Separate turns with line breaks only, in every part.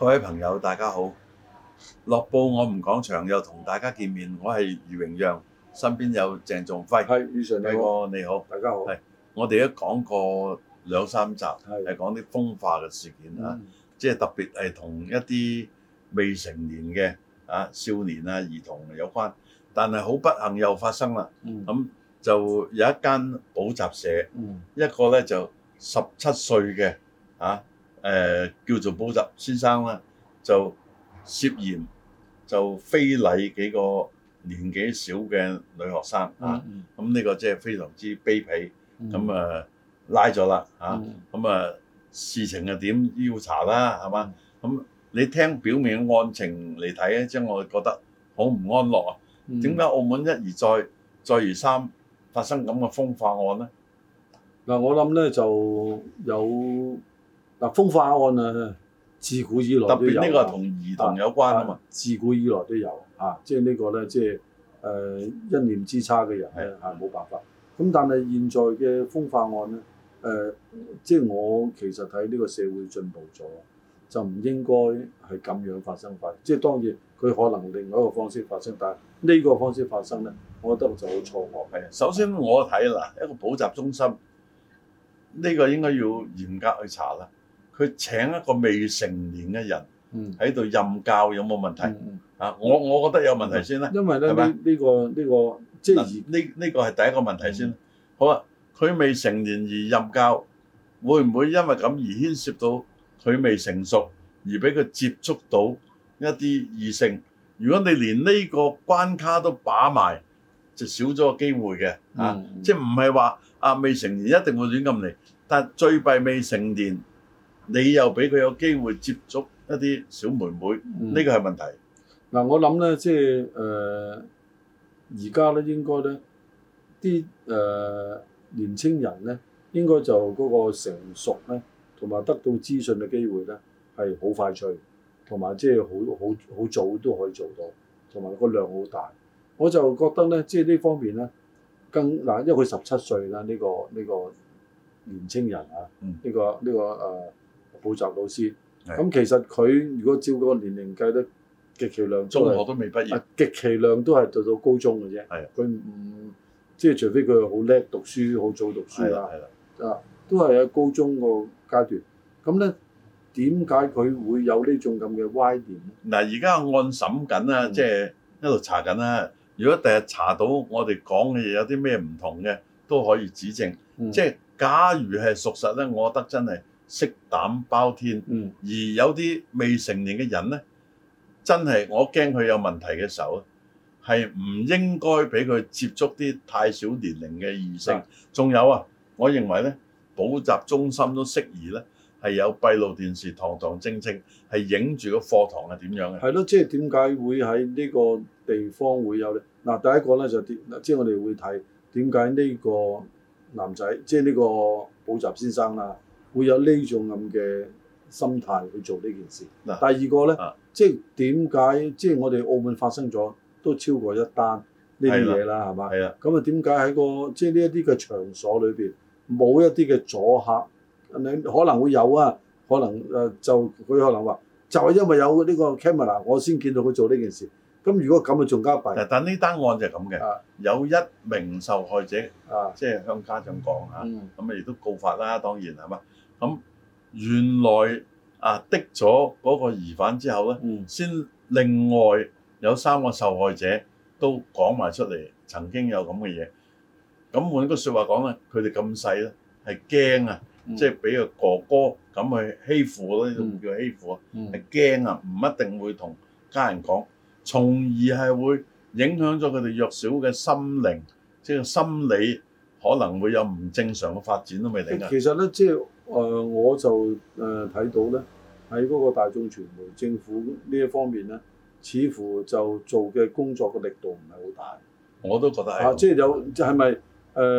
各位朋友，大家好！《樂報我唔講場，又同大家見面，我係余榮陽，身邊有鄭仲輝。係余常理哥，你好，大家好。係我哋都講過兩三集，係講啲風化嘅事件啊，即係特別係同一啲未成年嘅啊少年啊兒童有關，但係好不幸又發生啦。嗯。咁就有一間補習社，一個咧就十七歲嘅啊。誒、呃、叫做補習先生咧，就涉嫌就非禮幾個年紀小嘅女學生啊，咁、嗯、呢、啊呢個即係非常之卑鄙，咁、嗯嗯、啊拉咗啦嚇，咁、嗯、啊事情就點要查啦，係嘛？咁你聽表面嘅案情嚟睇咧，即、就、係、是、我覺得好唔安樂啊，點解、嗯、澳門一而再再而三發生咁嘅風化案咧？
嗱、嗯，我諗咧就有。嗱，風化案啊，自古以來特別呢個同兒童有關啊嘛，自古以來都有，有，啊，來都有啊，即係呢個咧，即係誒、呃、一念之差嘅人咧，係冇的辦法。咁但係現在嘅風化案咧，誒、呃，即係我其實睇呢個社會進步咗，就唔應該係咁樣發生嘅。即係當然佢可能另外一個方式發生，但係呢個方
式發生咧，我覺得我就好錯愕嘅的。首先我睇啦一個補習中心，呢、呢個應該要嚴格去查啦。佢請一個未成年嘅人喺度任教有冇問題啊？我我覺得有問題先啦，因為咧呢呢個呢個即係呢呢個係第一個問題先。好啦，佢未成年而任教，會唔會因為咁而牽涉到佢未成熟而俾佢接觸到一啲異性？如果你連呢個關卡都把埋，就少咗個機會嘅。啊，即係唔係話啊未成年一定會亂咁嚟，但係最弊未成年。你又俾佢有機會接觸一啲小妹妹，呢、嗯、個係問題。嗱、嗯，我諗咧，即係誒，而
家咧應該咧啲誒年青人咧，應該、呃、就嗰個成熟咧，同埋得到資訊嘅機會咧，係好快脆，同埋即係好好好早都可以做到，同埋個量好大。我就覺得咧，即係呢方面咧，更嗱，因為佢十七歲啦，呢、這個呢、這個年青人啊，呢、嗯這個呢、這個誒。呃補習老師，咁的其實佢如果照個年齡計得極其量，中學都未畢業，極其量都係到到高中嘅啫。佢唔的即係除非佢好叻讀書，好早讀書啦。啊，都係喺高中個階段。咁咧，點解佢會有呢
種這呢種咁嘅歪點？嗱，而家案審緊啊，即係一路查緊啦。如果第日查到我哋講嘅嘢有啲咩唔同嘅，都可以指證。即係、嗯、假如係屬實咧，我覺得真係。色膽包天，嗯、而有啲未成年嘅人咧，真係我驚佢有問題嘅時候咧，係唔應該俾佢接觸啲太少年齡嘅異性。仲有啊，我認為咧，補習中心都適宜咧，係有閉路電視堂堂正正係影住個課堂係點樣嘅。係
咯，即係點解會喺呢個地方會有咧？嗱，第一個咧就點？即係我哋會睇點解呢個男仔，嗯、即係呢個補習先生啦。會有呢種咁嘅心態去做呢件事。啊、第二個咧、啊，即係點解即係我哋澳門發生咗都超過一單呢啲嘢啦，係嘛係啊？咁啊點解喺個即係呢一啲嘅場所裏邊冇一啲嘅阻嚇？你可能會有啊，可能誒就佢可能話
就係、係、因為有呢個 camera，我先見到佢做呢件事。咁如果咁啊，仲加弊。嗱，但呢單案就係咁嘅，有一名受害者，即係向家長講吓，咁啊亦都告發啦。當然係嘛？咁原來啊的咗嗰個疑犯之後咧，先另外有三個受害者都講埋出嚟，曾經有咁嘅嘢。咁換個説話講咧，佢哋咁細咧係驚啊，即係俾個哥哥咁去欺負咧，呢都唔叫欺負啊，係驚啊，唔一定會同家人講。從而係會影響咗佢哋弱小嘅心靈，即係心理可能會有唔正常嘅發展都未定。其實
咧，即係誒，我就誒睇、呃、到咧，喺嗰個大眾傳媒、政府呢一方面咧，似乎就做嘅工作嘅力度唔係好大。我都覺得係，即係、啊就係、有即係咪誒？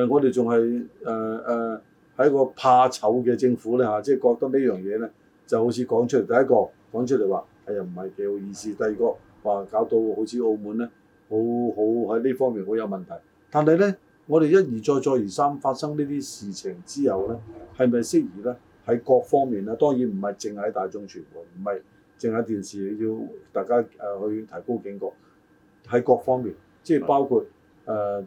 我哋仲係誒誒喺個怕醜嘅政府咧嚇，即、啊、係、就係、覺得呢樣嘢咧就好似講出嚟第一個講出嚟話係又唔係幾好意思，第二個。話搞到好似澳門咧，好好喺呢方面好有問題。但係咧，我哋一而再，再而三發生呢啲事情之後咧，係咪適宜咧？喺各方面啊，當然唔係淨喺大眾傳媒，唔係淨喺電視要大家誒、呃、去提高警覺，喺各方面，即係包括誒是的、呃，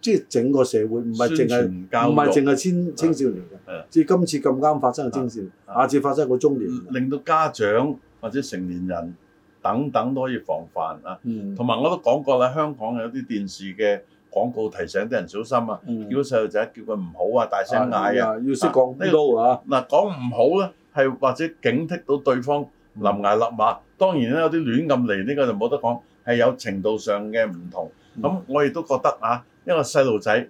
即係整個社會，唔係淨係唔係淨係青
青少年嘅。即係今次咁啱發生嘅青少年，下次發生喺中年，令到家長或者成年人，人。等等都可以防範啊，同埋我都講過啦，香港有啲電視嘅廣告提醒啲人小心啊，叫細路仔叫佢唔好啊大聲嗌啊，要識講粗口啊，嗱講唔好咧，係或者警惕到對方臨崖勒馬。當然咧，有啲亂咁嚟呢個就冇得講，係有程度上嘅唔同。咁我亦都覺得啊，一個細路仔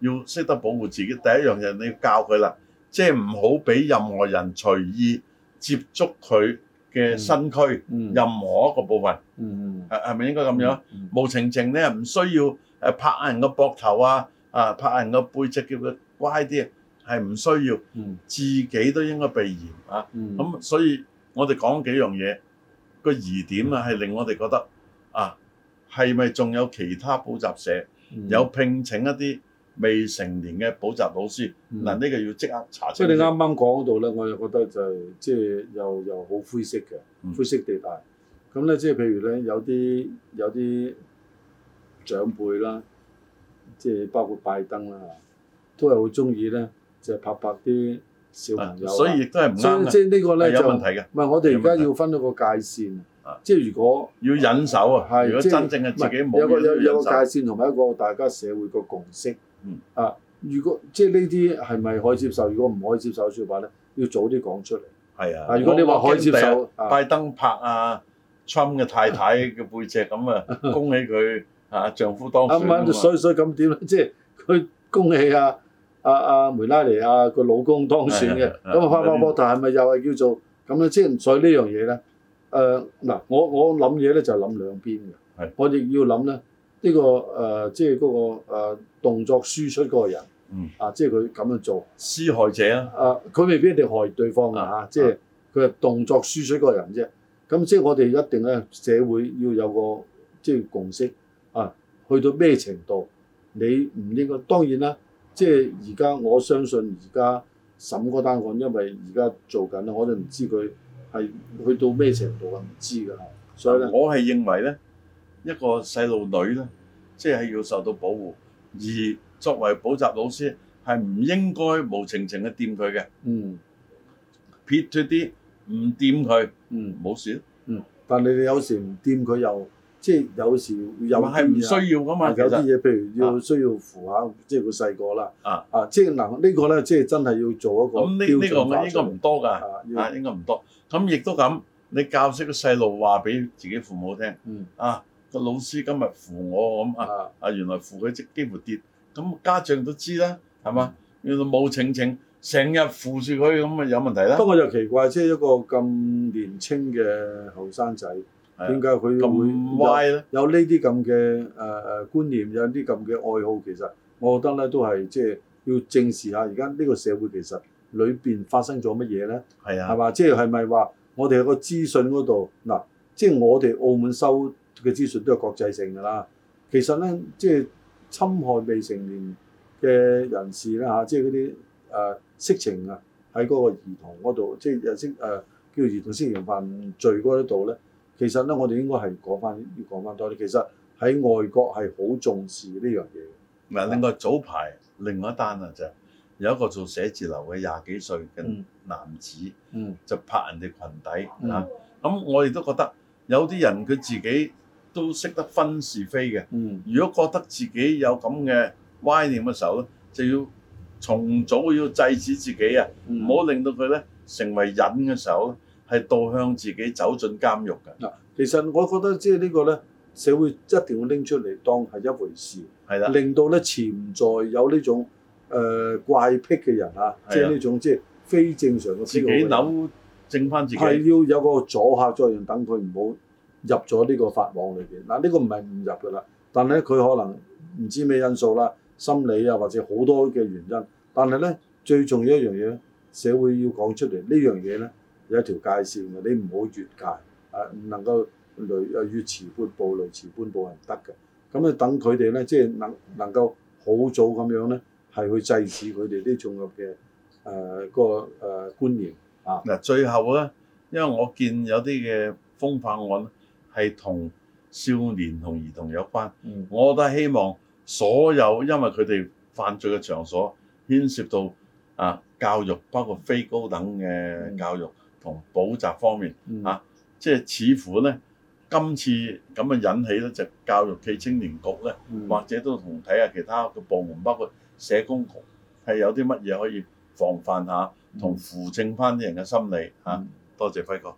要識得保護自己，第一樣嘢你要教佢啦，即係唔好俾任何人隨意接觸佢。嘅身軀，嗯嗯、任何一個部分，係咪、嗯啊、應該咁樣？嗯嗯、無情情咧，唔需要誒拍人個膊頭啊，啊拍人個背脊叫佢乖啲，係唔需要。嗯、自己都應該避嫌啊！咁、嗯嗯、所以我哋講幾樣嘢，個疑點啊係令我哋覺得啊，係咪仲有其他補習社、嗯嗯、有聘請一啲？未成年嘅補習老師嗱，呢個要即刻查出嚟。即係你啱
啱講嗰度咧，我又覺得就係即係又又好灰色嘅灰色地帶。咁咧，即係譬如咧，有啲有啲長輩啦，即係包括拜登啦，都係好中意咧，就拍拍啲小朋友。所以亦都係唔啱嘅。所以即係呢個咧有問題嘅。唔係我哋而家要分一個界線。即係如果要忍手啊，如果真正係自己冇。有個有個界線同埋一個大家社會個共識。嗯啊，如果即係呢啲係咪可以接受？如果唔可以接受嘅話咧，要早啲講出嚟。
係啊，如果你話可以接受，拜登拍啊 Trump 嘅太太嘅背脊咁啊，恭喜佢啊丈夫當選啊嘛。所
以所以咁點咧，即係佢恭喜啊啊啊梅拉尼亞個老公當選嘅。咁啊，拍拍膊頭係咪又係叫做咁咧？即係在呢樣嘢咧。誒嗱，我我諗嘢咧就諗兩邊嘅。係，我亦要諗咧。呢、這個誒、呃，即係嗰、那個誒、呃、動作輸出嗰個人，嗯、啊，即係佢咁樣做，
施害者啊，誒、
呃，佢未必一定害對方㗎嚇，啊啊、即係佢係動作輸出嗰個人啫。咁即係我哋一定咧，社會要有個即係共識啊。去到咩程度，你唔應該。當然啦，即係而家我相信而家審嗰單案，因為而家做緊啦，我都唔知佢係去
到咩程度啊，唔知㗎。所以咧，我係認為咧。一個細路女咧，即係要受到保護，而作為補習老師係唔應該無情情嘅掂佢嘅。
嗯，
撇脱啲，唔掂佢，
嗯，冇事。嗯，但係你哋有時唔掂佢又，即係有時又係唔需要㗎嘛。有啲嘢譬如要需
要扶下，即係
個細個啦。
啊啊，即係嗱
呢個咧，即係真係要做一個標準咁呢呢個我應該唔
多㗎，啊應該唔多。咁亦都咁，你教識個細路話俾自己父母聽。嗯啊。老師今日扶我咁啊！啊，原來扶佢即幾乎跌，咁家長都知啦，係嘛？原來冇請請，成日扶住佢咁啊，有問題啦！不過就
奇怪，即係一個咁年青嘅後生仔，點解佢會咁歪咧？有呢啲咁嘅誒誒觀念，有啲咁嘅愛好，其實我覺得咧都係即係要正視下，而家呢個社會其實裏邊發生咗乜嘢咧？係啊，係嘛？即係係咪話我哋有個資訊嗰度嗱，即係我哋澳門收。嘅資訊都係國際性㗎啦。其實咧，即係侵害未成年嘅人士啦嚇、啊，即係嗰啲誒色情啊，喺嗰個兒童嗰度，即係誒誒叫兒童色情犯罪嗰度咧。其實咧，我哋應該係講翻要講翻多啲。其實喺外國
係好重視呢樣嘢。唔係，另外早排另外一單啦，就係有一個做寫字樓嘅廿幾歲嘅男子，嗯，就拍人哋裙底嚇。咁、嗯嗯嗯、我亦都覺得有啲人佢自己。都識得分是非嘅。如果覺得自己有咁嘅歪念嘅時候咧，就要從早要制止自己啊，唔好、嗯、令到佢咧成為癮嘅時候咧，係導向自己走進監獄㗎。嗱，其實我覺得即係呢個咧，社會一定要拎出嚟
當係一回事，係啦，令到咧潛在有呢種誒怪癖嘅人啊，即係呢種即係非正常嘅自己扭正返自己，係要有個阻嚇作用，等佢唔好。入咗呢個法網裏邊嗱，呢、這個唔係唔入㗎啦。但係咧佢可能唔知咩因素啦，心理啊或者好多嘅原因。但係咧最重要一樣嘢，社會要講出嚟呢樣嘢咧，有一條界線嘅，你唔好越界、呃越越越就是呃呃呃、啊，唔能夠累啊越雷池半步，越雷池半步係唔得嘅。咁咧等佢哋咧，即係能能夠好早咁樣咧，係去制止佢哋呢種
嘅誒個誒觀念啊嗱。最後咧，因為我見有啲嘅風化案。係同少年同兒童有關，嗯、我都希望所有因為佢哋犯罪嘅場所牽涉到啊教育，包括非高等嘅教育同補習方面、嗯、啊，即係似乎呢，今次咁嘅引起呢就係、教育暨青年局呢，嗯、或者都同睇下其他嘅部門，包括社工局係有啲乜嘢可以防範下，同、嗯、扶正翻啲人嘅心理嚇、啊。多謝輝哥。